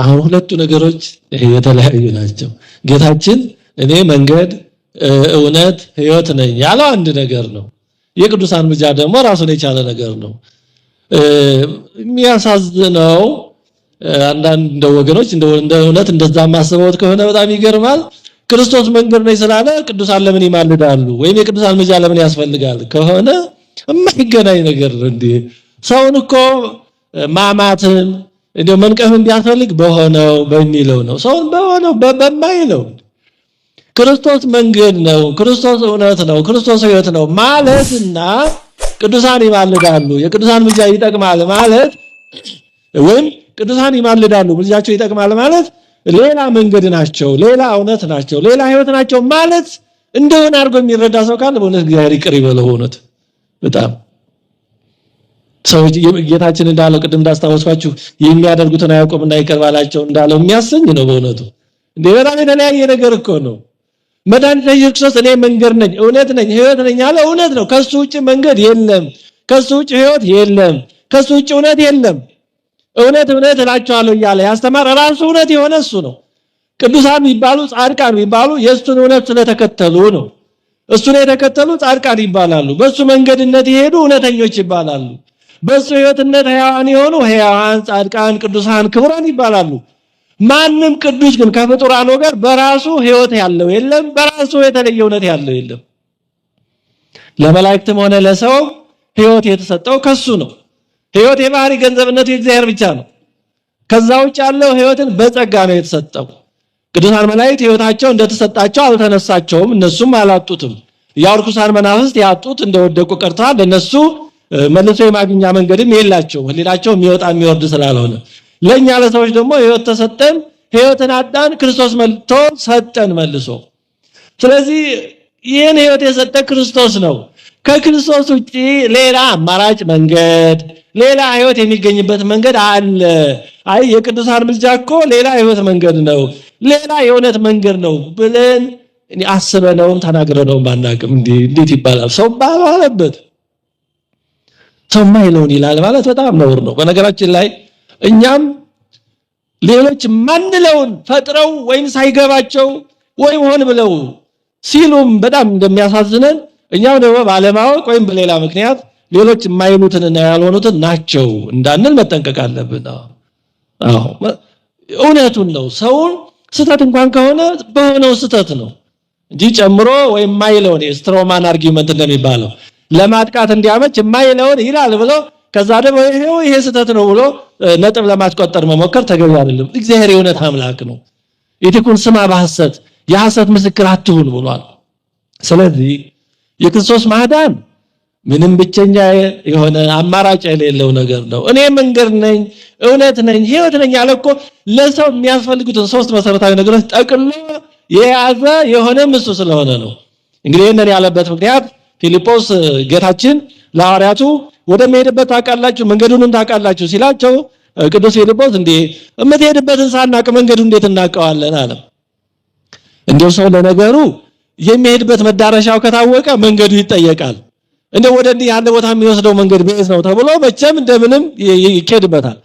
አሁን ሁለቱ ነገሮች የተለያዩ ናቸው። ጌታችን እኔ መንገድ፣ እውነት፣ ህይወት ነኝ ያለው አንድ ነገር ነው። የቅዱሳን ምጃ ደግሞ ራሱን የቻለ ነገር ነው። የሚያሳዝነው አንዳንድ እንደ ወገኖች እንደ እውነት እንደዛ ማስበውት ከሆነ በጣም ይገርማል። ክርስቶስ መንገድ ነኝ ስላለ ቅዱሳን ለምን ይማልዳሉ ወይም የቅዱሳን ምጃ ለምን ያስፈልጋል ከሆነ የማይገናኝ ነገር ነው። እንዴ ሰውን እኮ ማማትን እንደ መንቀፍን ቢያስፈልግ በሆነው በሚለው ነው። ሰውን በሆነው በማይለው ክርስቶስ መንገድ ነው፣ ክርስቶስ እውነት ነው፣ ክርስቶስ ሕይወት ነው ማለትና ቅዱሳን ይማልዳሉ፣ የቅዱሳን ምልጃ ይጠቅማል ማለት ወይም ቅዱሳን ይማልዳሉ፣ ምልጃቸው ይጠቅማል ማለት ሌላ መንገድ ናቸው፣ ሌላ እውነት ናቸው፣ ሌላ ህይወት ናቸው ማለት እንደሆነ አድርጎ የሚረዳ ሰው ካለ በእውነት እግዚአብሔር ይቅር ይበለው። እውነት በጣም ሰዎች ጌታችን እንዳለው ቅድም እንዳስታወስኳችሁ የሚያደርጉትን አያውቁም እና ይቅር እንዳለው የሚያሰኝ ነው። በእውነቱ እንዴ በጣም የተለያየ ነገር እኮ ነው። መድኃኒታችን ኢየሱስ ክርስቶስ እኔ መንገድ ነኝ፣ እውነት ነኝ፣ ህይወት ነኝ አለ። እውነት ነው። ከሱ ውጭ መንገድ የለም። ከሱ ውጭ ህይወት የለም። ከሱ ውጭ እውነት የለም። እውነት እውነት እላችኋለሁ እያለ ያስተማር ራሱ እውነት የሆነ እሱ ነው። ቅዱሳን ቢባሉ ጻድቃን ቢባሉ የእሱን እውነት ስለተከተሉ ነው። እሱን የተከተሉ ጻድቃን ይባላሉ። በእሱ መንገድነት የሄዱ እውነተኞች ይባላሉ። ህይወትነት ሕያዋን የሆኑ ሕያዋን፣ ጻድቃን፣ ቅዱሳን፣ ክቡራን ይባላሉ። ማንም ቅዱስ ግን ከፍጡራን ወገር በራሱ ህይወት ያለው የለም፣ በራሱ የተለየ እውነት ያለው የለም። ለመላእክትም ሆነ ለሰው ህይወት የተሰጠው ከሱ ነው። ህይወት የባህሪ ገንዘብነቱ የእግዚአብሔር ብቻ ነው። ከዛ ውጭ ያለው ህይወትን በጸጋ ነው የተሰጠው። ቅዱሳን መላእክት ህይወታቸው እንደተሰጣቸው አልተነሳቸውም፣ እነሱም አላጡትም። ያው ርኩሳን መናፍስት ያጡት እንደወደቁ ቀርተዋል፣ ለነሱ መልሶ የማግኛ መንገድም የላቸው ህሊናቸው የሚወጣ የሚወርድ ስላልሆነ ለእኛ ለሰዎች ደግሞ ህይወት ተሰጠን፣ ህይወትን አዳን፣ ክርስቶስ መልቶ ሰጠን መልሶ። ስለዚህ ይህን ህይወት የሰጠ ክርስቶስ ነው። ከክርስቶስ ውጪ ሌላ አማራጭ መንገድ፣ ሌላ ህይወት የሚገኝበት መንገድ አለ? አይ የቅዱሳን ምልጃ እኮ ሌላ ህይወት መንገድ ነው፣ ሌላ የእውነት መንገድ ነው ብለን አስበነውም ተናግረነውም አናውቅም። እንዴት ይባላል ሰው ባለበት ሰማይለውን ይላል ማለት በጣም ነውር ነው። በነገራችን ላይ እኛም ሌሎች ማንለውን ፈጥረው ወይም ሳይገባቸው ወይም ሆን ብለው ሲሉም በጣም እንደሚያሳዝነን እኛም ደግሞ ባለማወቅ ወይም በሌላ ምክንያት ሌሎች የማይሉትንና ያልሆኑትን ናቸው እንዳንል መጠንቀቅ አለብን። አዎ እውነቱን ነው። ሰውን ስህተት እንኳን ከሆነ በሆነው ስህተት ነው እንጂ ጨምሮ ወይም ማይለው ስትሮማን አርጊመንት እንደሚባለው ለማጥቃት እንዲያመች የማይለውን ይላል ብሎ ከዛ ደግሞ ይሄው ይሄ ስህተት ነው ብሎ ነጥብ ለማስቆጠር መሞከር ተገቢ አይደለም። እግዚአብሔር የእውነት አምላክ ነው። ኢትኩን ስማ በሐሰት የሐሰት ምስክር አትሁን ብሏል። ስለዚህ የክርስቶስ ማዳን ምንም ብቸኛ የሆነ አማራጭ የሌለው ነገር ነው። እኔ መንገድ ነኝ፣ እውነት ነኝ፣ ህይወት ነኝ አለ እኮ ለሰው የሚያስፈልጉትን ሶስት መሰረታዊ ነገሮች ጠቅሎ የያዘ የሆነ ምሱ ስለሆነ ነው። እንግዲህ ይህንን ያለበት ምክንያት ፊልጶስ ጌታችን ለሐዋርያቱ ወደሚሄድበት ታውቃላችሁ፣ መንገዱንም ታውቃላችሁ ሲላቸው ቅዱስ ፊልጶስ እንዴ የምትሄድበትን ሳናቅ መንገዱ እንዴት እናውቀዋለን አለ። እንዴው ሰው ለነገሩ የሚሄድበት መዳረሻው ከታወቀ መንገዱ ይጠየቃል። እንደ ወደ እንዲህ ያለ ቦታ የሚወስደው መንገድ ቤዝ ነው ተብሎ መቼም እንደምንም ይኬድበታል።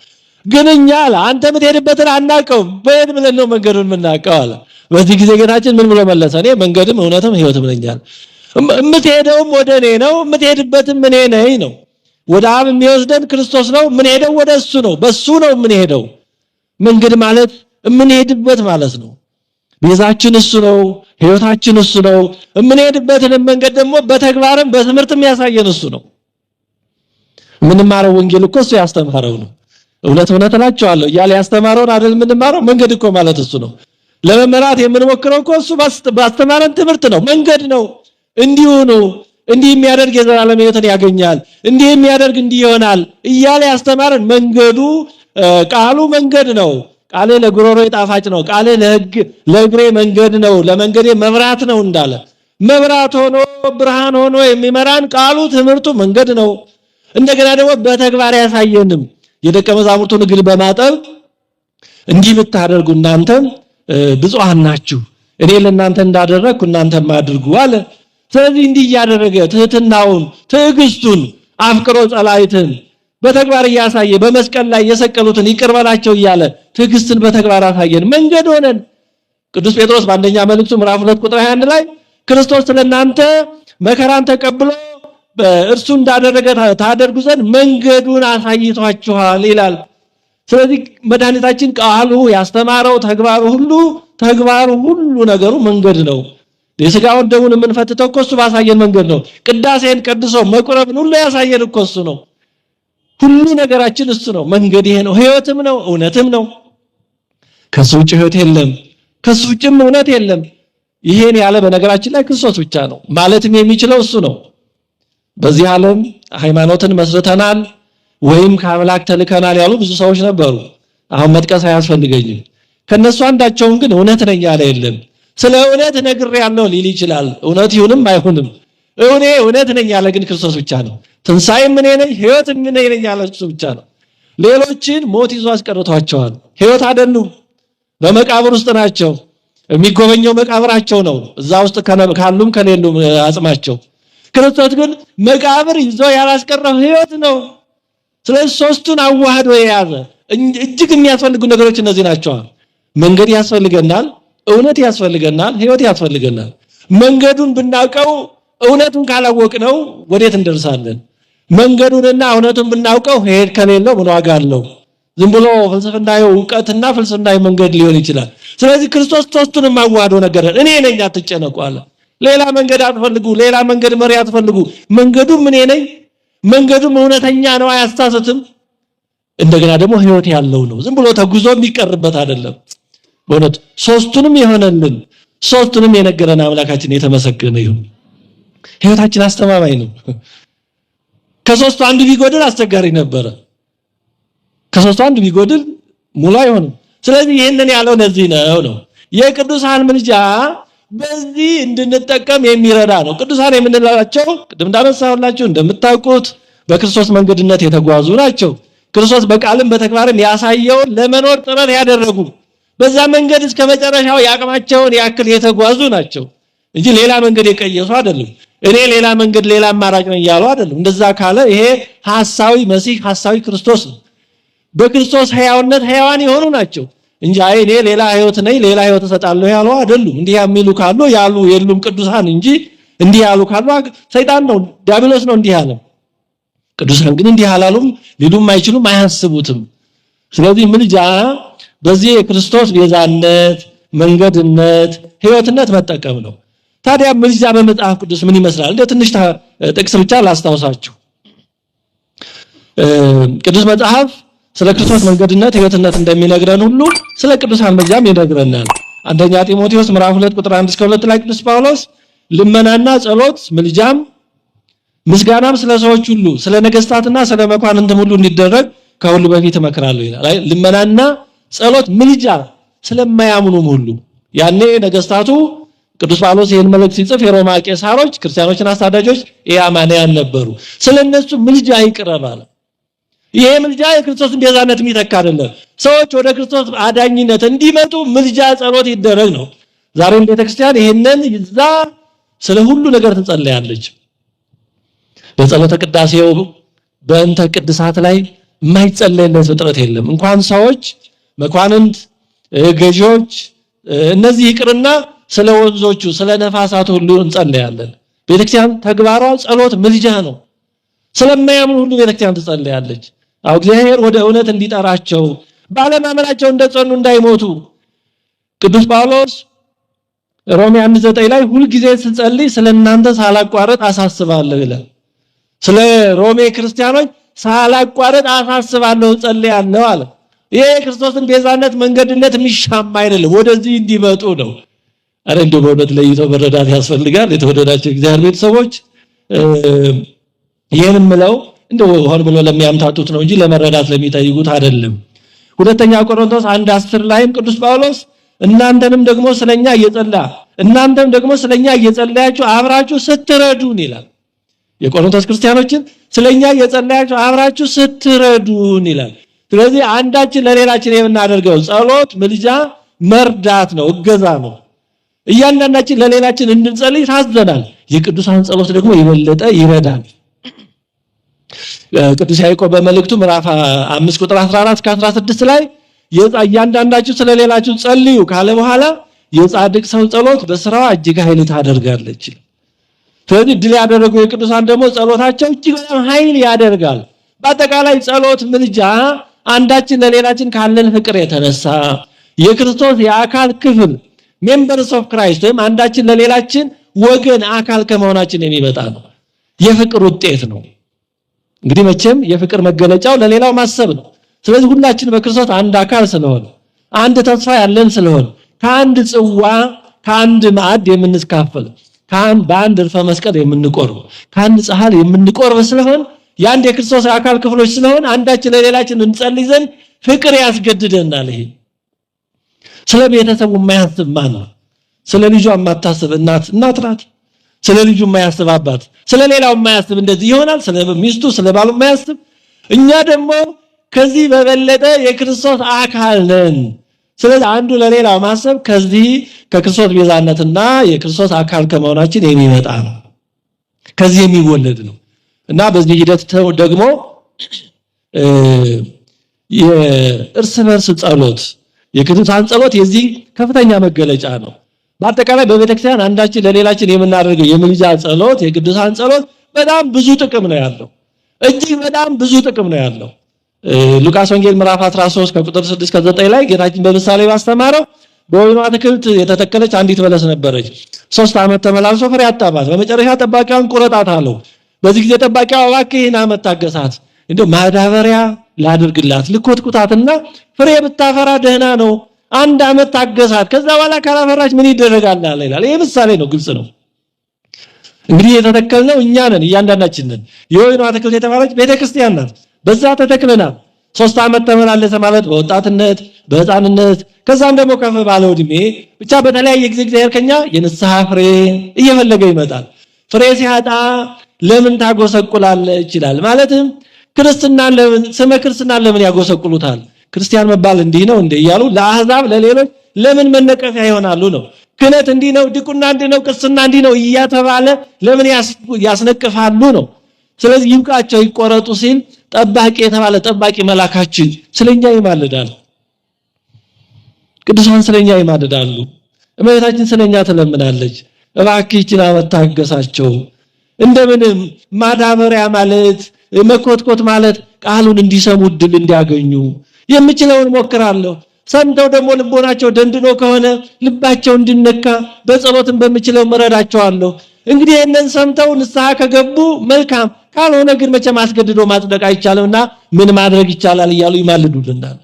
ግን እኛ አለ አንተ የምትሄድበትን አናቀው በየት ብለን ነው መንገዱን የምናውቀው አለ። በዚህ ጊዜ ጌታችን ምን ብሎ መለሰ? እኔ መንገድም እውነትም ህይወትም ። ነኝ የምትሄደውም ወደ እኔ ነው፣ የምትሄድበትም እኔ ነኝ ነው። ወደ አብ የሚወስደን ክርስቶስ ነው። የምንሄደው ወደ እሱ ነው፣ በሱ ነው የምንሄደው። መንገድ ማለት የምንሄድበት ማለት ነው። ቤዛችን እሱ ነው፣ ህይወታችን እሱ ነው። የምንሄድበትንም መንገድ ደግሞ በተግባርም በትምህርትም ያሳየን እሱ ነው። የምንማረው ወንጌል እኮ እሱ ያስተማረው ነው። እውነት እውነት እላቸዋለሁ እያለ ያስተማረውን አይደል የምንማረው? መንገድ እኮ ማለት እሱ ነው። ለመመራት የምንሞክረው እኮ እሱ ባስተማረን ትምህርት ነው፣ መንገድ ነው። እንዲሁ ነው። እንዲህ የሚያደርግ የዘላለም ህይወትን ያገኛል፣ እንዲህ የሚያደርግ እንዲህ ይሆናል እያለ ያስተማረን መንገዱ ቃሉ መንገድ ነው። ቃሌ ለጉሮሮ ጣፋጭ ነው፣ ቃሌ ለህግ ለእግሬ መንገድ ነው፣ ለመንገዴ መብራት ነው እንዳለ መብራት ሆኖ ብርሃን ሆኖ የሚመራን ቃሉ ትምህርቱ መንገድ ነው። እንደገና ደግሞ በተግባር ያሳየንም የደቀ መዛሙርቱን እግር በማጠብ እንዲህ ብታደርጉ እናንተም ብፁዓን ናችሁ፣ እኔ ለእናንተ እንዳደረግኩ እናንተም አድርጉ አለ። ስለዚህ እንዲህ እያደረገ ትህትናውን፣ ትዕግስቱን አፍቅሮ ጸላይትን በተግባር እያሳየ በመስቀል ላይ የሰቀሉትን ይቅርበላቸው እያለ ትዕግስትን በተግባር አሳየን፣ መንገድ ሆነን። ቅዱስ ጴጥሮስ በአንደኛ መልእክቱ ምዕራፍ 2 ቁጥር 21 ላይ ክርስቶስ ስለናንተ መከራን ተቀብሎ እርሱ እንዳደረገ ታደርጉ ዘንድ መንገዱን አሳይቷችኋል ይላል። ስለዚህ መድኃኒታችን ቃሉ ያስተማረው ተግባሩ ሁሉ ተግባሩ ሁሉ ነገሩ መንገድ ነው። የስጋውን ደሙን የምንፈትተው እኮ እሱ ባሳየን መንገድ ነው። ቅዳሴን ቀድሶ መቁረብን ሁሉ ያሳየን እኮ እሱ ነው። ሁሉ ነገራችን እሱ ነው። መንገድ ይሄ ነው፣ ህይወትም ነው፣ እውነትም ነው። ከሱ ውጭ ህይወት የለም፣ ከሱ ውጭም እውነት የለም። ይሄን ያለ በነገራችን ላይ ክርስቶስ ብቻ ነው። ማለትም የሚችለው እሱ ነው። በዚህ ዓለም ሃይማኖትን መስርተናል ወይም ከአምላክ ተልከናል ያሉ ብዙ ሰዎች ነበሩ። አሁን መጥቀስ አያስፈልገኝም። ከነሱ አንዳቸውም ግን እውነት ነኝ ያለ የለም። ስለ እውነት ያለው ሊል ይችላል። እውነት ይሁንም አይሁንም እኔ እውነት ነኝ ያለ ግን ክርስቶስ ብቻ ነው። ትንሣኤም ምን ነኝ፣ ህይወት ምን ነኝ ያለ ብቻ ነው። ሌሎችን ሞት ይዞ አስቀርቷቸዋል። ህይወት አይደሉም፣ በመቃብር ውስጥ ናቸው። የሚጎበኘው መቃብራቸው ነው። እዛ ውስጥ ካሉም ከሌሉም አጽማቸው። ክርስቶስ ግን መቃብር ይዞ ያላስቀረው ህይወት ነው። ስለዚህ ሶስቱን አዋህዶ የያዘ እጅግ የሚያስፈልጉ ነገሮች እነዚህ ናቸዋል። መንገድ ያስፈልገናል። እውነት ያስፈልገናል፣ ህይወት ያስፈልገናል። መንገዱን ብናውቀው እውነቱን ካላወቅ ነው ወዴት እንደርሳለን? መንገዱንና እውነቱን ብናውቀው ሄድ ከሌለው ምን ዋጋ አለው? ዝም ብሎ ፍልስፍናዊ እውቀትና ፍልስፍናዊ መንገድ ሊሆን ይችላል። ስለዚህ ክርስቶስ ሶስቱንም የማዋህዶ ነገር እኔ ነኝ፣ አትጨነቁ አለ። ሌላ መንገድ አትፈልጉ፣ ሌላ መንገድ መሪ አትፈልጉ። መንገዱም እኔ ነኝ። መንገዱም እውነተኛ ነው፣ አያስታሰትም። እንደገና ደግሞ ህይወት ያለው ነው። ዝም ብሎ ተጉዞ የሚቀርበት አይደለም። በእውነት ሶስቱንም የሆነልን ሶስቱንም የነገረን አምላካችን የተመሰገነ ይሁን። ህይወታችን አስተማማኝ ነው። ከሶስቱ አንዱ ቢጎድል አስቸጋሪ ነበረ። ከሶስቱ አንዱ ቢጎድል ሙሉ አይሆንም። ስለዚህ ይህንን ያለው ነዚህ ነው ነው የቅዱሳን ምልጃ በዚህ እንድንጠቀም የሚረዳ ነው። ቅዱሳን የምንላቸው ቅድም እንዳነሳሁላችሁ እንደምታውቁት በክርስቶስ መንገድነት የተጓዙ ናቸው። ክርስቶስ በቃልም በተግባርም ያሳየውን ለመኖር ጥረት ያደረጉ በዛ መንገድ እስከ መጨረሻው የአቅማቸውን ያክል የተጓዙ ናቸው እንጂ ሌላ መንገድ የቀየሱ አይደለም። እኔ ሌላ መንገድ ሌላ አማራጭ ነው እያሉ አይደለም። እንደዛ ካለ ይሄ ሐሳዊ መሲህ ሐሳዊ ክርስቶስ ነው። በክርስቶስ ሕያውነት ሕያዋን የሆኑ ናቸው እንጂ አይ እኔ ሌላ ሕይወት ነኝ ሌላ ሕይወት እሰጣለሁ ያሉ አይደሉም። እንዲህ የሚሉ ካሉ ያሉ የሉም ቅዱሳን እንጂ እንዲህ ያሉ ካሉ ሰይጣን ነው ዲያብሎስ ነው እንዲህ ያለ። ቅዱሳን ግን እንዲህ አላሉም፣ ሊሉም አይችሉም፣ አያስቡትም። ስለዚህ ምልጃ በዚህ የክርስቶስ ቤዛነት፣ መንገድነት፣ ህይወትነት መጠቀም ነው። ታዲያ ምልጃ በመጽሐፍ ቅዱስ ምን ይመስላል? እንደ ትንሽ ጥቅስ ብቻ ላስታውሳችሁ። ቅዱስ መጽሐፍ ስለ ክርስቶስ መንገድነት ህይወትነት እንደሚነግረን ሁሉ ስለ ቅዱሳን ምልጃም ይነግረናል። አንደኛ ጢሞቴዎስ ምዕራፍ 2 ቁጥር 1 እስከ 2 ላይ ቅዱስ ጳውሎስ ልመናና ጸሎት ምልጃም ምስጋናም ስለ ሰዎች ሁሉ ስለ ነገስታትና ስለ መኳንንትም ሁሉ እንዲደረግ ከሁሉ በፊት እመክራለሁ ይላል። ልመናና ጸሎት፣ ምልጃ ስለማያምኑም ሁሉ ያኔ ነገስታቱ ቅዱስ ጳውሎስ ይህን መልእክት ሲጽፍ የሮማ ቄሳሮች ክርስቲያኖችን አሳዳጆች ኢአማንያን ነበሩ። ስለነሱ ምልጃ ይቅረብ አለ። ይሄ ምልጃ የክርስቶስን ቤዛነት የሚተካ አይደለም። ሰዎች ወደ ክርስቶስ አዳኝነት እንዲመጡ ምልጃ ጸሎት ይደረግ ነው። ዛሬም ቤተክርስቲያን ይህንን ይዛ ስለ ሁሉ ነገር ትጸለያለች። በጸሎተ ቅዳሴው በእንተ ቅድሳት ላይ የማይጸለይለት ፍጥረት የለም። እንኳን ሰዎች መኳንንት፣ ገዢዎች እነዚህ ይቅርና ስለ ወንዞቹ ስለ ነፋሳት ሁሉ እንጸለያለን። ቤተክርስቲያን ተግባሯ ጸሎት፣ ምልጃ ነው። ስለማያምኑ ሁሉ ቤተክርስቲያን ትጸለያለች። አሁ እግዚአብሔር ወደ እውነት እንዲጠራቸው ባለማመናቸው እንደጸኑ እንዳይሞቱ ቅዱስ ጳውሎስ ሮሜ አንድ ዘጠኝ ላይ ሁልጊዜ ስጸልይ ስለ እናንተ ሳላቋረጥ አሳስባለሁ ይላል። ስለ ሮሜ ክርስቲያኖች ሳላቋረጥ አሳስባለሁ ጸልያለሁ አለ። ይሄ የክርስቶስን ቤዛነት መንገድነት የሚሻማ አይደለም፣ ወደዚህ እንዲመጡ ነው። አረ እንዲሁ በእውነት ለይቶ መረዳት ያስፈልጋል። የተወደዳቸው እግዚአብሔር ቤተሰቦች ይህን ምለው እንደ ሆን ብሎ ለሚያምታቱት ነው እንጂ ለመረዳት ለሚጠይቁት አይደለም። ሁለተኛ ቆሮንቶስ አንድ አስር ላይም ቅዱስ ጳውሎስ እናንተንም ደግሞ ስለኛ እየጸላ እናንተም ደግሞ ስለኛ እየጸለያችሁ አብራችሁ ስትረዱን ይላል። የቆሮንቶስ ክርስቲያኖችን ስለኛ እየጸለያችሁ አብራችሁ ስትረዱን ይላል። ስለዚህ አንዳችን ለሌላችን የምናደርገው ጸሎት፣ ምልጃ፣ መርዳት ነው፣ እገዛ ነው። እያንዳንዳችን ለሌላችን እንድንጸልይ ታዘናል። የቅዱሳን ጸሎት ደግሞ የበለጠ ይረዳል። ቅዱስ ያዕቆብ በመልእክቱ ምዕራፍ 5 ቁጥር 14 ከ16 ላይ እያንዳንዳችሁ ስለሌላችሁ ጸልዩ ካለ በኋላ የጻድቅ ሰው ጸሎት በስራዋ እጅግ ኃይል ታደርጋለች። ስለዚህ ድል ያደረጉ የቅዱሳን ደግሞ ጸሎታቸው እጅግ በጣም ኃይል ያደርጋል። በአጠቃላይ ጸሎት፣ ምልጃ፣ አንዳችን ለሌላችን ካለን ፍቅር የተነሳ የክርስቶስ የአካል ክፍል ሜምበርስ ኦፍ ክራይስት ወይም አንዳችን ለሌላችን ወገን አካል ከመሆናችን የሚመጣ ነው። የፍቅር ውጤት ነው። እንግዲህ መቼም የፍቅር መገለጫው ለሌላው ማሰብ ነው። ስለዚህ ሁላችን በክርስቶስ አንድ አካል ስለሆነ አንድ ተስፋ ያለን ስለሆነ ከአንድ ጽዋ ከአንድ ማዕድ የምንስካፈል በአንድ እርፈ መስቀል የምንቆርብ ከአንድ ፀሐል የምንቆርብ ስለሆን የአንድ የክርስቶስ አካል ክፍሎች ስለሆን አንዳችን ለሌላችን እንጸልይ ዘንድ ፍቅር ያስገድደናል። ይሄ ስለ ቤተሰቡ የማያስብ ማን ነው? ስለ ልጁ የማታስብ እናት እናት ናት። ስለ ልጁ የማያስብ አባት፣ ስለ ሌላው የማያስብ እንደዚህ ይሆናል። ስለ ሚስቱ ስለ ባሉ የማያስብ እኛ ደግሞ ከዚህ በበለጠ የክርስቶስ አካል ነን። ስለዚህ አንዱ ለሌላው ማሰብ ከዚህ ከክርስቶስ ቤዛነትና የክርስቶስ አካል ከመሆናችን የሚመጣ ነው። ከዚህ የሚወለድ ነው። እና በዚህ ሂደት ደግሞ የእርስ በርስ ጸሎት የቅዱሳን ጸሎት የዚህ ከፍተኛ መገለጫ ነው። በአጠቃላይ በቤተክርስቲያን አንዳችን ለሌላችን የምናደርገው የምልጃ ጸሎት የቅዱሳን ጸሎት በጣም ብዙ ጥቅም ነው ያለው። እጅግ በጣም ብዙ ጥቅም ነው ያለው። ሉቃስ ወንጌል ምዕራፍ 13 ከቁጥር 6 እስከ 9 ላይ ጌታችን በምሳሌ ባስተማረው በወይኑ አትክልት የተተከለች አንዲት በለስ ነበረች። ሶስት ዓመት ተመላልሶ ፍሬ አጣባት። በመጨረሻ ጠባቂዋን ቁረጣት አለው። በዚህ ጊዜ ጠባቂዋ እባክህ ይህን ዓመት ታገሳት፣ እንደው ማዳበሪያ ላድርግላት፣ ልኮትኩታትና ፍሬ ብታፈራ ደህና ነው። አንድ ዓመት ታገሳት፣ ከዛ በኋላ ካላፈራች ምን ይደረጋል አለ ይላል። ይሄ ምሳሌ ነው፣ ግልጽ ነው። እንግዲህ የተተከልነው እኛ ነን፣ እያንዳንዳችን ነን። የወይኑ አትክልት የተባለች ቤተክርስቲያን ናት። በዛ ተተክለናል። ሶስት ዓመት ተመላለሰ ማለት በወጣትነት በህፃንነት ከዛም ደግሞ ከፍ ባለ ዕድሜ ብቻ በተለያየ ጊዜ እግዚአብሔር ከኛ የንስሐ ፍሬ እየፈለገ ይመጣል። ፍሬ ሲያጣ ለምን ታጎሰቁላለ ይችላል። ማለትም ክርስትና ለምን ስመ ክርስትና ለምን ያጎሰቁሉታል? ክርስቲያን መባል እንዲህ ነው እንዴ እያሉ ለአህዛብ ለሌሎች ለምን መነቀፊያ ይሆናሉ ነው። ክነት እንዲህ ነው፣ ድቁና እንዲህ ነው፣ ቅስና እንዲህ ነው እያተባለ ለምን ያስነቅፋሉ ነው። ስለዚህ ይብቃቸው ይቆረጡ ሲል ጠባቂ የተባለ ጠባቂ መላካችን ስለኛ ይማልዳል። ቅዱሳን ስለኛ ይማልዳሉ። እመቤታችን ስለኛ ትለምናለች። እባክህ ይችላል አመታገሳቸው እንደምንም ማዳበሪያ ማለት መኮትኮት ማለት ቃሉን እንዲሰሙ እድል እንዲያገኙ የምችለውን ሞክራለሁ። ሰምተው ደግሞ ልቦናቸው ደንድኖ ከሆነ ልባቸው እንዲነካ በጸሎትን በምችለው መረዳቸዋለሁ። እንግዲህ ይህንን ሰምተው ንስሐ ከገቡ መልካም፣ ካልሆነ ግን መቼም አስገድዶ ማጽደቅ አይቻልምና ምን ማድረግ ይቻላል እያሉ ይማልዱልናል።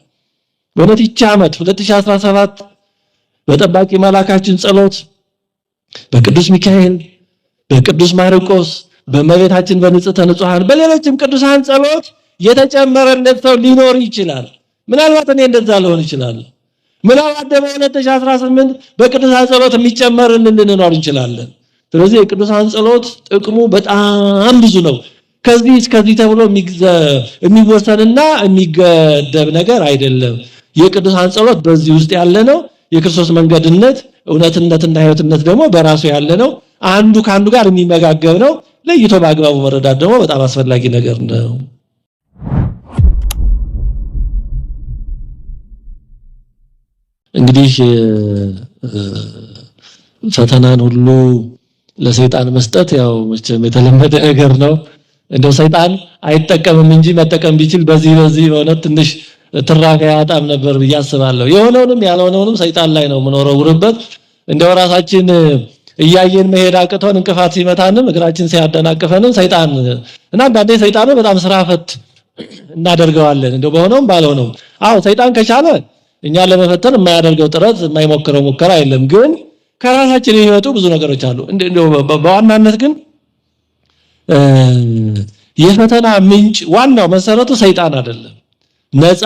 በእውነት ይቺ ዓመት 2017 በጠባቂ መላካችን ጸሎት በቅዱስ ሚካኤል በቅዱስ ማርቆስ በመቤታችን በንጽሕተ ንጹሐን በሌሎችም ቅዱሳን ጸሎት የተጨመረለት ሰው ሊኖር ይችላል። ምናልባት እኔ እንደዛ ልሆን ይችላል ምናልባት ደግሞ 2018 በቅዱሳን ጸሎት የሚጨመርልን ልንኖር እንችላለን። ስለዚህ የቅዱሳን ጸሎት ጥቅሙ በጣም ብዙ ነው። ከዚህ እስከዚህ ተብሎ የሚወሰንና የሚገደብ ነገር አይደለም። የቅዱሳን ጸሎት በዚህ ውስጥ ያለ ነው። የክርስቶስ መንገድነት እውነትነትና ህይወትነት ደግሞ በራሱ ያለ ነው። አንዱ ከአንዱ ጋር የሚመጋገብ ነው። ለይቶ በአግባቡ መረዳት ደግሞ በጣም አስፈላጊ ነገር ነው። እንግዲህ ፈተናን ሁሉ ለሰይጣን መስጠት ያው መቼም የተለመደ ነገር ነው። እንደው ሰይጣን አይጠቀምም እንጂ መጠቀም ቢችል በዚህ በዚህ በእውነት ትንሽ ትራካ ያጣም ነበር ብዬ አስባለሁ። የሆነውንም ያልሆነውንም ሰይጣን ላይ ነው የምኖረው ውርበት እንደው ራሳችን እያየን መሄድ አቅቶን እንቅፋት ሲመታንም እግራችን ሲያደናቅፈንም ሰይጣን እና አንዳንዴ ሰይጣኑ በጣም ስራ ፈት እናደርገዋለን። እንደ በሆነውም ባልሆነውም። አዎ ሰይጣን ከቻለ እኛ ለመፈተን የማያደርገው ጥረት የማይሞክረው ሙከራ የለም። ግን ከራሳችን የሚመጡ ብዙ ነገሮች አሉ። በዋናነት ግን የፈተና ምንጭ ዋናው መሰረቱ ሰይጣን አይደለም፣ ነፃ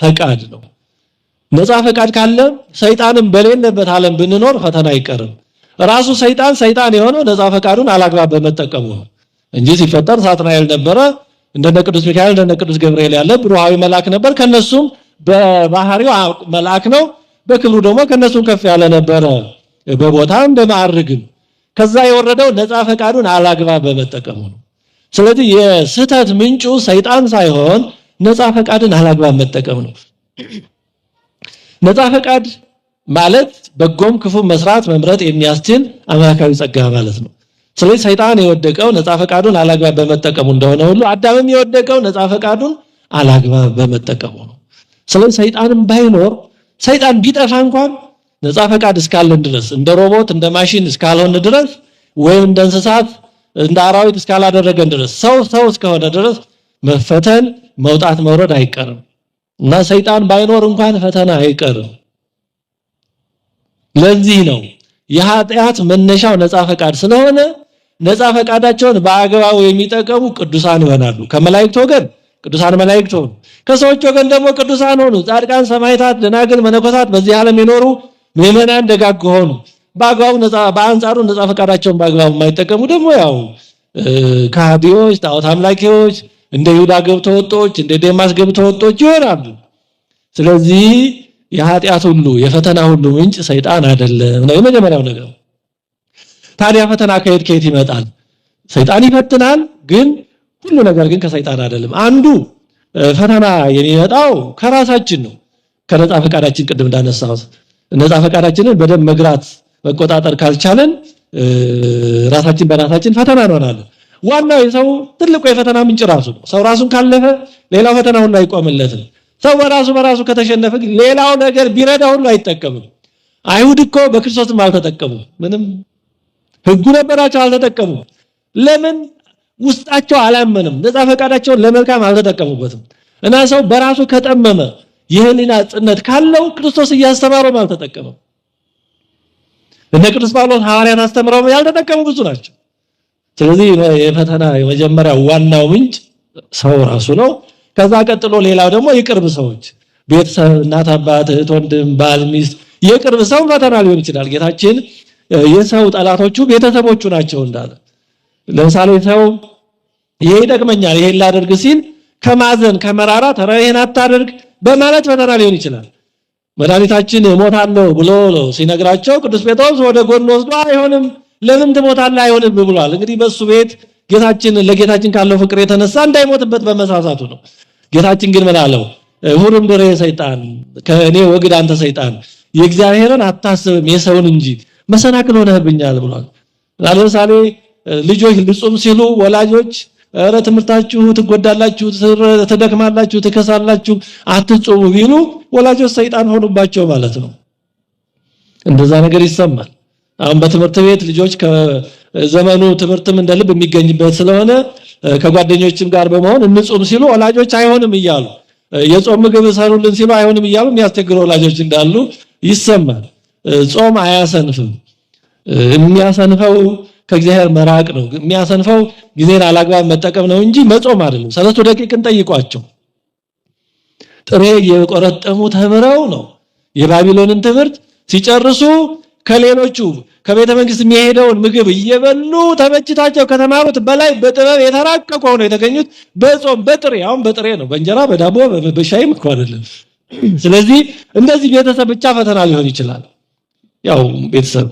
ፈቃድ ነው። ነፃ ፈቃድ ካለ ሰይጣንም በሌለበት አለም ብንኖር ፈተና አይቀርም። ራሱ ሰይጣን ሰይጣን የሆነው ነፃ ፈቃዱን አላግባብ በመጠቀሙ ነው እንጂ ሲፈጠር ሳጥናኤል ነበረ፣ እንደነ ቅዱስ ሚካኤል እንደነ ቅዱስ ገብርኤል ያለ ብሩሃዊ መልአክ ነበር። ከነሱም በባህሪው መልአክ ነው፣ በክብሩ ደግሞ ከነሱም ከፍ ያለ ነበረ፣ በቦታም በማዕርግም። ከዛ የወረደው ነፃ ፈቃዱን አላግባብ በመጠቀሙ ነው። ስለዚህ የስህተት ምንጩ ሰይጣን ሳይሆን ነፃ ፈቃድን አላግባብ መጠቀም ነው። ነፃ ፈቃድ ማለት በጎም ክፉ መስራት መምረጥ የሚያስችል አምላካዊ ጸጋ ማለት ነው። ስለዚህ ሰይጣን የወደቀው ነፃ ፈቃዱን አላግባብ በመጠቀሙ እንደሆነ ሁሉ አዳምም የወደቀው ነፃ ፈቃዱን አላግባብ በመጠቀሙ ነው። ስለዚህ ሰይጣንም ባይኖር ሰይጣን ቢጠፋ እንኳን ነፃ ፈቃድ እስካለን ድረስ እንደ ሮቦት እንደ ማሽን እስካልሆን ድረስ ወይም እንደ እንስሳት እንደ አራዊት እስካላደረገን ድረስ ሰው ሰው እስከሆነ ድረስ መፈተን መውጣት መውረድ አይቀርም እና ሰይጣን ባይኖር እንኳን ፈተና አይቀርም። ለዚህ ነው የኃጢአት መነሻው ነፃ ፈቃድ ስለሆነ ነፃ ፈቃዳቸውን በአግባቡ የሚጠቀሙ ቅዱሳን ይሆናሉ። ከመላእክት ወገን ቅዱሳን መላእክት ሆኑ፣ ከሰዎች ወገን ደግሞ ቅዱሳን ሆኑ። ጻድቃን፣ ሰማዕታት፣ ደናግል፣ መነኮሳት በዚህ ዓለም የኖሩ ምዕመናን ደጋግ ሆኑ። በአግባቡ ነፃ በአንጻሩ ነፃ ፈቃዳቸውን በአግባቡ የማይጠቀሙ ደግሞ ያው ከሃዲዎች፣ ጣዖት አምላኪዎች እንደ ይሁዳ ወጦች፣ እንደ ገብተ ወጦች ይሆናሉ። ስለዚህ የኃጢአት ሁሉ የፈተና ሁሉ ምንጭ ሰይጣን አይደለም ነው የመጀመሪያው ነገር። ታዲያ ፈተና ከየት ከየት ይመጣል? ሰይጣን ይፈትናል፣ ግን ሁሉ ነገር ግን ከሰይጣን አይደለም። አንዱ ፈተና የሚመጣው ከራሳችን ነው፣ ከነፃ ፈቃዳችን። ቅድም እንዳነሳሁት ነፃ ፈቃዳችንን በደንብ መግራት መቆጣጠር ካልቻለን ራሳችን በራሳችን ፈተና እንሆናለን። ዋናው የሰው ትልቁ የፈተና ምንጭ ራሱ ነው። ሰው ራሱን ካለፈ ሌላው ፈተና ሁሉ አይቆምለትም። ሰው በራሱ በራሱ ከተሸነፈ ግን ሌላው ነገር ቢረዳ ሁሉ አይጠቀምም። አይሁድ እኮ በክርስቶስም አልተጠቀሙም። ምንም ህጉ ነበራቸው አልተጠቀሙም። ለምን? ውስጣቸው አላመንም። ነፃ ፈቃዳቸውን ለመልካም አልተጠቀሙበትም። እና ሰው በራሱ ከጠመመ የህሊና ጽነት ካለው ክርስቶስ እያስተማረውም አልተጠቀመም። እነ ቅዱስ ጳውሎስ ሐዋርያት አስተምረው ያልተጠቀሙ ብዙ ናቸው። ስለዚህ የፈተና የመጀመሪያ ዋናው ምንጭ ሰው ራሱ ነው። ከዛ ቀጥሎ ሌላው ደግሞ የቅርብ ሰዎች ቤተሰብ፣ እናት፣ አባት፣ እህት፣ ወንድም፣ ባል፣ ሚስት የቅርብ ሰው ፈተና ሊሆን ይችላል። ጌታችን የሰው ጠላቶቹ ቤተሰቦቹ ናቸው እንዳለ። ለምሳሌ ሰው ይሄ ይጠቅመኛል ይሄን ላደርግ ሲል ከማዘን ከመራራ ተራ ይሄን አታደርግ በማለት ፈተና ሊሆን ይችላል። መድኃኒታችን እሞታለሁ ብሎ ሲነግራቸው ቅዱስ ጴጥሮስ ወደ ጎን ወስዶ አይሆንም ለምን ትሞታለህ? አይሆንም ብሏል። እንግዲህ በሱ ቤት ጌታችን ለጌታችን ካለው ፍቅር የተነሳ እንዳይሞትበት በመሳሳቱ ነው። ጌታችን ግን ምን አለው? ሁሉም ድሬ ሰይጣን ከእኔ ወግድ አንተ ሰይጣን የእግዚአብሔርን አታስብም የሰውን እንጂ መሰናክል ሆነህብኛል ብሏል። ለምሳሌ ልጆች ልጹም ሲሉ ወላጆች ኧረ ትምህርታችሁ ትጎዳላችሁ፣ ትደክማላችሁ፣ ትከሳላችሁ፣ አትጹሙ ቢሉ ወላጆች ሰይጣን ሆኑባቸው ማለት ነው። እንደዛ ነገር ይሰማል። አሁን በትምህርት ቤት ልጆች ከዘመኑ ትምህርትም እንደ ልብ የሚገኝበት ስለሆነ ከጓደኞችም ጋር በመሆን እንጾም ሲሉ ወላጆች አይሆንም እያሉ የጾም ምግብ ሰሩልን ሲሉ አይሆንም እያሉ የሚያስቸግሩ ወላጆች እንዳሉ ይሰማል። ጾም አያሰንፍም። የሚያሰንፈው ከእግዚአብሔር መራቅ ነው። የሚያሰንፈው ጊዜን አላግባብ መጠቀም ነው እንጂ መጾም አይደለም። ሰለስቱ ደቂቅን ጠይቋቸው። ጥሬ የቆረጠሙ ተምረው ነው የባቢሎንን ትምህርት ሲጨርሱ ከሌሎቹ ከቤተ መንግስት የሚሄደውን ምግብ እየበሉ ተመችቷቸው ከተማሩት በላይ በጥበብ የተራቀቁ ሆነው የተገኙት በጾም በጥሬ አሁን በጥሬ ነው፣ በእንጀራ በዳቦ በሻይም እኮ አይደለም። ስለዚህ እንደዚህ ቤተሰብ ብቻ ፈተና ሊሆን ይችላል። ያው ቤተሰብ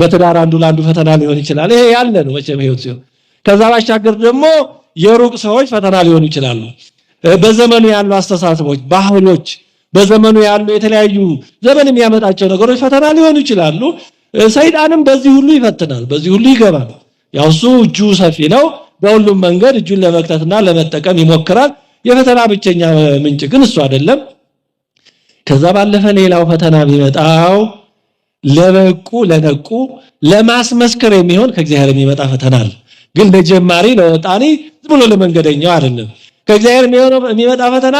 በትዳር አንዱ ለአንዱ ፈተና ሊሆን ይችላል። ይሄ ያለ ነው መቼም ህይወት ሲሆን፣ ከዛ ባሻገር ደግሞ የሩቅ ሰዎች ፈተና ሊሆን ይችላሉ። በዘመኑ ያሉ አስተሳሰቦች፣ ባህሎች በዘመኑ ያሉ የተለያዩ ዘመን የሚያመጣቸው ነገሮች ፈተና ሊሆኑ ይችላሉ። ሰይጣንም በዚህ ሁሉ ይፈትናል፣ በዚህ ሁሉ ይገባል። ያው እሱ እጁ ሰፊ ነው። በሁሉም መንገድ እጁን ለመክተትና ለመጠቀም ይሞክራል። የፈተና ብቸኛ ምንጭ ግን እሱ አይደለም። ከዛ ባለፈ ሌላው ፈተና ቢመጣው ለበቁ ለነቁ ለማስመስከር የሚሆን ከእግዚአብሔር የሚመጣ ፈተና አለ። ግን ለጀማሪ ለወጣኔ ዝም ብሎ ለመንገደኛው አይደለም። ከእግዚአብሔር የሚመጣ ፈተና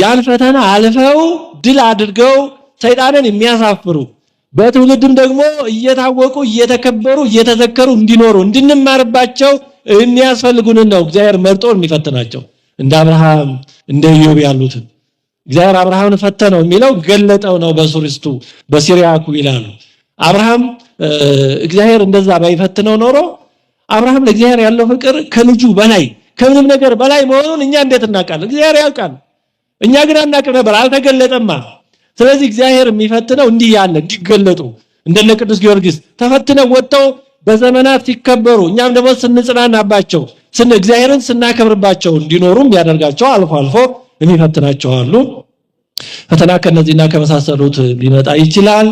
ያን ፈተና አልፈው ድል አድርገው ሰይጣንን የሚያሳፍሩ በትውልድም ደግሞ እየታወቁ እየተከበሩ እየተዘከሩ እንዲኖሩ እንድንማርባቸው የሚያስፈልጉንን ነው እግዚአብሔር መርጦ የሚፈትናቸው እንደ አብርሃም እንደ ኢዮብ ያሉትን እግዚአብሔር አብርሃምን ፈተነው የሚለው ገለጠው ነው በሱሪስቱ በሲሪያኩ ይላሉ። አብርሃም እግዚአብሔር እንደዛ ባይፈትነው ኖሮ አብርሃም ለእግዚአብሔር ያለው ፍቅር ከልጁ በላይ ከምንም ነገር በላይ መሆኑን እኛ እንዴት እናውቃለን? እግዚአብሔር ያውቃል። እኛ ግን አናቅም ነበር፣ አልተገለጠማ። ስለዚህ እግዚአብሔር የሚፈትነው እንዲህ ያለ እንዲገለጡ እንደነ ቅዱስ ጊዮርጊስ ተፈትነው ወጥተው በዘመናት ሲከበሩ እኛም ደግሞ ስንጽናናባቸው እግዚአብሔርን ስናከብርባቸው እንዲኖሩም ያደርጋቸው። አልፎ አልፎ የሚፈትናቸው አሉ። ፈተና ከነዚህና ከመሳሰሉት ሊመጣ ይችላል።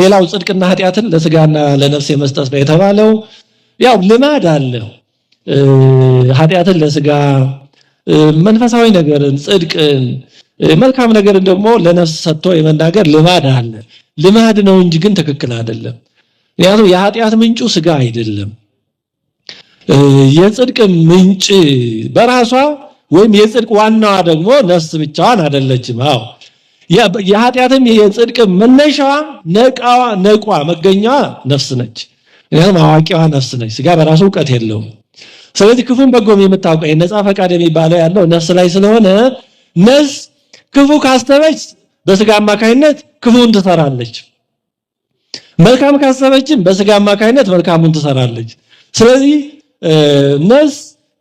ሌላው ጽድቅና ኃጢአትን ለስጋና ለነፍስ የመስጠት ነው የተባለው። ያው ልማድ አለ ኃጢአትን ለስጋ መንፈሳዊ ነገርን፣ ጽድቅን፣ መልካም ነገርን ደግሞ ለነፍስ ሰጥቶ የመናገር ልማድ አለ። ልማድ ነው እንጂ ግን ትክክል አይደለም። ምክንያቱም የኃጢአት ምንጩ ስጋ አይደለም። የጽድቅ ምንጭ በራሷ ወይም የጽድቅ ዋናዋ ደግሞ ነፍስ ብቻዋን አይደለችም። አዎ የኃጢአትም የጽድቅ መነሻዋ ነቋ መገኛዋ ነፍስ ነች። ምክንያቱም አዋቂዋ ነፍስ ነች። ስጋ በራሱ እውቀት የለውም። ስለዚህ ክፉን በጎም የምታውቀው ነፃ ፈቃድ የሚባለው ያለው ነፍስ ላይ ስለሆነ ነፍስ ክፉ ካሰበች በስጋ አማካኝነት ክፉን ትሰራለች። መልካም ካሰበችም በስጋ አማካይነት መልካሙን ትሰራለች። ስለዚህ ነፍስ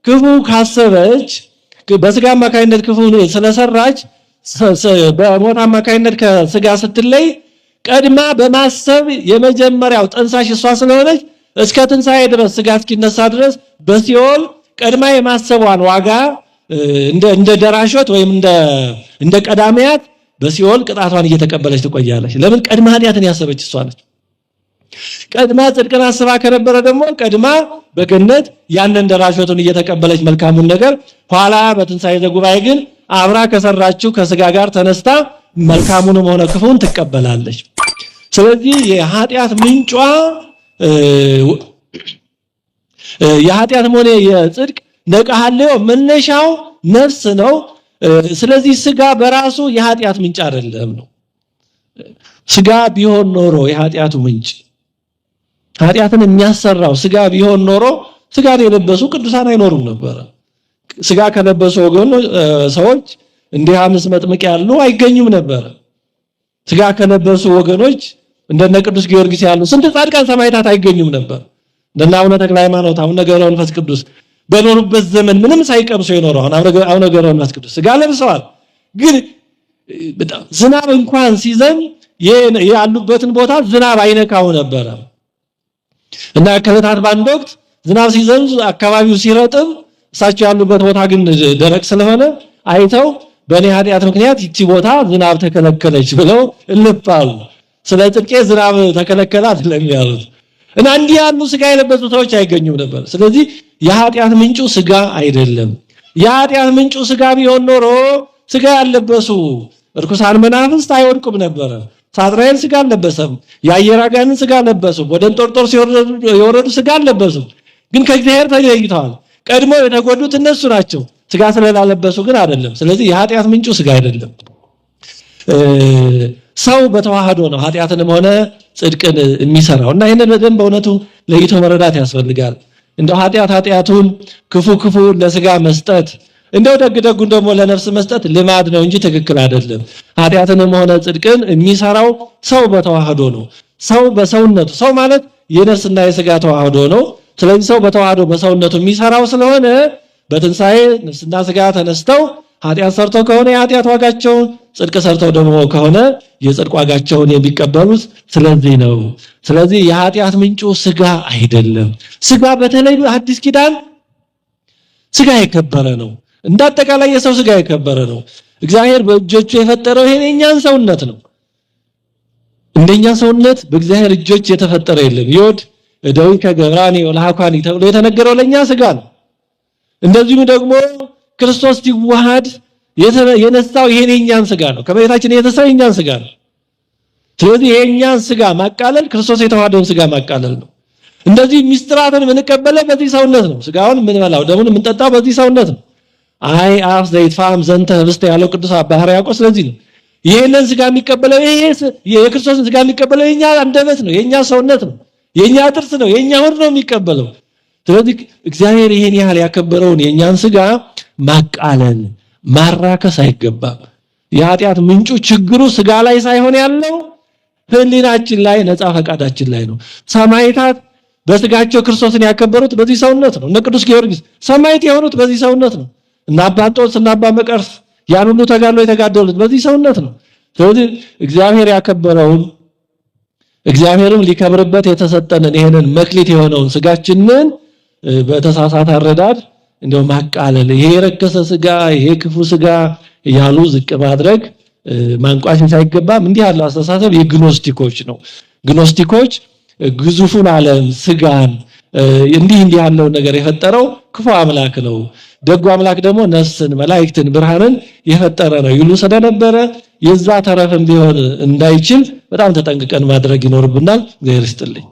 ክፉ ካሰበች በስጋ አማካይነት ክፉን ስለሰራች በሞት አማካይነት ከስጋ ስትለይ ቀድማ በማሰብ የመጀመሪያው ጠንሳሽ እሷ ስለሆነች እስከ ትንሣኤ ድረስ ስጋ እስኪነሳ ድረስ በሲኦል ቀድማ የማሰቧን ዋጋ እንደ ደራሾት ወይም እንደ ቀዳሚያት በሲኦል ቅጣቷን እየተቀበለች ትቆያለች። ለምን? ቀድማ ኃጢአትን ያሰበች እሷ ነች። ቀድማ ጽድቅን አስባ ከነበረ ደግሞ ቀድማ በገነት ያንን ደራሾቱን እየተቀበለች መልካሙን ነገር፣ ኋላ በትንሣኤ ዘጉባኤ ግን አብራ ከሰራችው ከስጋ ጋር ተነስታ መልካሙንም ሆነ ክፉን ትቀበላለች። ስለዚህ የኃጢአት ምንጯ የኃጢአትም ሆነ የጽድቅ ነቃሃለው መነሻው ነፍስ ነው። ስለዚህ ስጋ በራሱ የኃጢአት ምንጭ አይደለም ነው። ስጋ ቢሆን ኖሮ የኃጢአቱ ምንጭ ኃጢአትን የሚያሰራው ስጋ ቢሆን ኖሮ ስጋን የለበሱ ቅዱሳን አይኖሩም ነበረ። ስጋ ከለበሱ ወገኖ ሰዎች እንዲህ አምስት መጥምቅ ያሉ አይገኙም ነበረ። ስጋ ከለበሱ ወገኖች እንደነ ቅዱስ ጊዮርጊስ ያሉ ስንት ጻድቃን ሰማይታት አይገኙም ነበር። እንደነ አቡነ ተክለ ሃይማኖት፣ አቡነ ገብረ መንፈስ ቅዱስ በኖሩበት ዘመን ምንም ሳይቀምሱ የኖሩ አሁን አቡነ ገብረ መንፈስ ቅዱስ ስጋ ለብሰዋል። ግን ዝናብ እንኳን ሲዘን ያሉበትን ቦታ ዝናብ አይነካው ነበረ እና ከለታት በአንድ ወቅት ዝናብ ሲዘን አካባቢው ሲረጥብ እሳቸው ያሉበት ቦታ ግን ደረቅ ስለሆነ አይተው በእኔ ኃጢአት ምክንያት ይቺ ቦታ ዝናብ ተከለከለች ብለው እልፍ አሉ። ስለ ጥርቄ ዝናብ ተከለከለ አይደለም ያሉት እና እንዲህ ያሉ ስጋ የለበሱ ሰዎች አይገኙም ነበር። ስለዚህ የኃጢአት ምንጩ ስጋ አይደለም። የኃጢአት ምንጩ ስጋ ቢሆን ኖሮ ስጋ ያለበሱ እርኩሳን መናፍስት አይወድቁም ነበረ። ሳጥናኤል ስጋ አልለበሰም። የአየር አጋንንት ስጋ አለበሱ ወደ እንጦርጦስ የወረዱ ስጋ አልለበሱ። ግን ከእግዚአብሔር ተለይተዋል። ቀድሞ የተጎዱት እነሱ ናቸው። ስጋ ስለላለበሱ ግን አይደለም። ስለዚህ የኃጢአት ምንጩ ስጋ አይደለም። ሰው በተዋህዶ ነው ኃጢአትንም ሆነ ጽድቅን የሚሰራው እና ይህንን በደንብ በእውነቱ ለይቶ መረዳት ያስፈልጋል። እንደው ኃጢአት ኃጢአቱን፣ ክፉ ክፉ ለስጋ መስጠት፣ እንደው ደግ ደጉን ደግሞ ለነፍስ መስጠት ልማድ ነው እንጂ ትክክል አይደለም። ኃጢአትንም ሆነ ጽድቅን የሚሰራው ሰው በተዋህዶ ነው። ሰው በሰውነቱ ሰው ማለት የነፍስና የስጋ ተዋህዶ ነው። ስለዚህ ሰው በተዋህዶ በሰውነቱ የሚሰራው ስለሆነ በትንሣኤ ነፍስና ስጋ ተነስተው ኃጢአት ሰርቶ ከሆነ የኃጢአት ዋጋቸውን ጽድቅ ሰርተው ደግሞ ከሆነ የጽድቅ ዋጋቸውን የሚቀበሉት ስለዚህ ነው። ስለዚህ የኃጢአት ምንጩ ስጋ አይደለም። ስጋ በተለይ አዲስ ኪዳን ስጋ የከበረ ነው። እንደ አጠቃላይ የሰው ስጋ የከበረ ነው። እግዚአብሔር በእጆቹ የፈጠረው ይሄን የእኛን ሰውነት ነው። እንደኛ ሰውነት በእግዚአብሔር እጆች የተፈጠረ የለም። ይወድ እደዊ ከገብራኔ ወለሃኳኒ ተብሎ የተነገረው ለእኛ ስጋ ነው። እንደዚሁ ደግሞ ክርስቶስ ሲዋሃድ የነሳው ይሄን የኛን ስጋ ነው። ከመሬታችን የተሳው የኛን ስጋ ነው። ስለዚህ የኛን ስጋ ማቃለል ክርስቶስ የተዋሃደውን ስጋ ማቃለል ነው። እንደዚህ ሚስጥራትን የምንቀበለው በዚህ ሰውነት ነው። ስጋውን የምንበላው ደሙን የምንጠጣው በዚህ ሰውነት ነው። አይ አፍ ፋም ዘንተ ህብስተ ያለው ቅዱስ አባ ያቆ ስለዚህ ነው። ይሄንን ስጋ የሚቀበለው ይሄ የክርስቶስን ስጋ የሚቀበለው የኛ አንደበት ነው፣ የኛ ሰውነት ነው፣ የኛ ጥርስ ነው፣ የኛ ሆድ ነው የሚቀበለው። ስለዚህ እግዚአብሔር ይሄን ያህል ያከበረውን የኛን ስጋ ማቃለል ማራከስ አይገባም። የኃጢአት ምንጩ ችግሩ ስጋ ላይ ሳይሆን ያለው ህሊናችን ላይ ነፃ ፈቃዳችን ላይ ነው። ሰማይታት በስጋቸው ክርስቶስን ያከበሩት በዚህ ሰውነት ነው። እነ ቅዱስ ጊዮርጊስ ሰማይት የሆኑት በዚህ ሰውነት ነው። እና አባ እንጦንስ እና አባ መቀርስ ያን ሁሉ ተጋድሎ የተጋደሉት በዚህ ሰውነት ነው። ስለዚህ እግዚአብሔር ያከበረውን እግዚአብሔርም ሊከብርበት የተሰጠንን ይሄንን መክሊት የሆነውን ስጋችንን በተሳሳተ አረዳድ እንደው ማቃለል፣ ይሄ የረከሰ ስጋ፣ ይሄ ክፉ ስጋ እያሉ ዝቅ ማድረግ ማንቋሸሽ አይገባም። እንዲህ ያለው አስተሳሰብ የግኖስቲኮች ነው። ግኖስቲኮች ግዙፉን ዓለም ስጋን እንዲህ እንዲህ ያለው ነገር የፈጠረው ክፉ አምላክ ነው፣ ደጉ አምላክ ደግሞ ነፍስን፣ መላእክትን፣ ብርሃንን የፈጠረ ነው ይሉ ስለነበረ የዛ ተረፍም ቢሆን እንዳይችል በጣም ተጠንቅቀን ማድረግ ይኖርብናል። እግዚአብሔር ይስጥልኝ።